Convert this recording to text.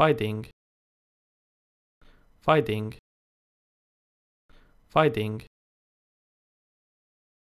fighting fighting fighting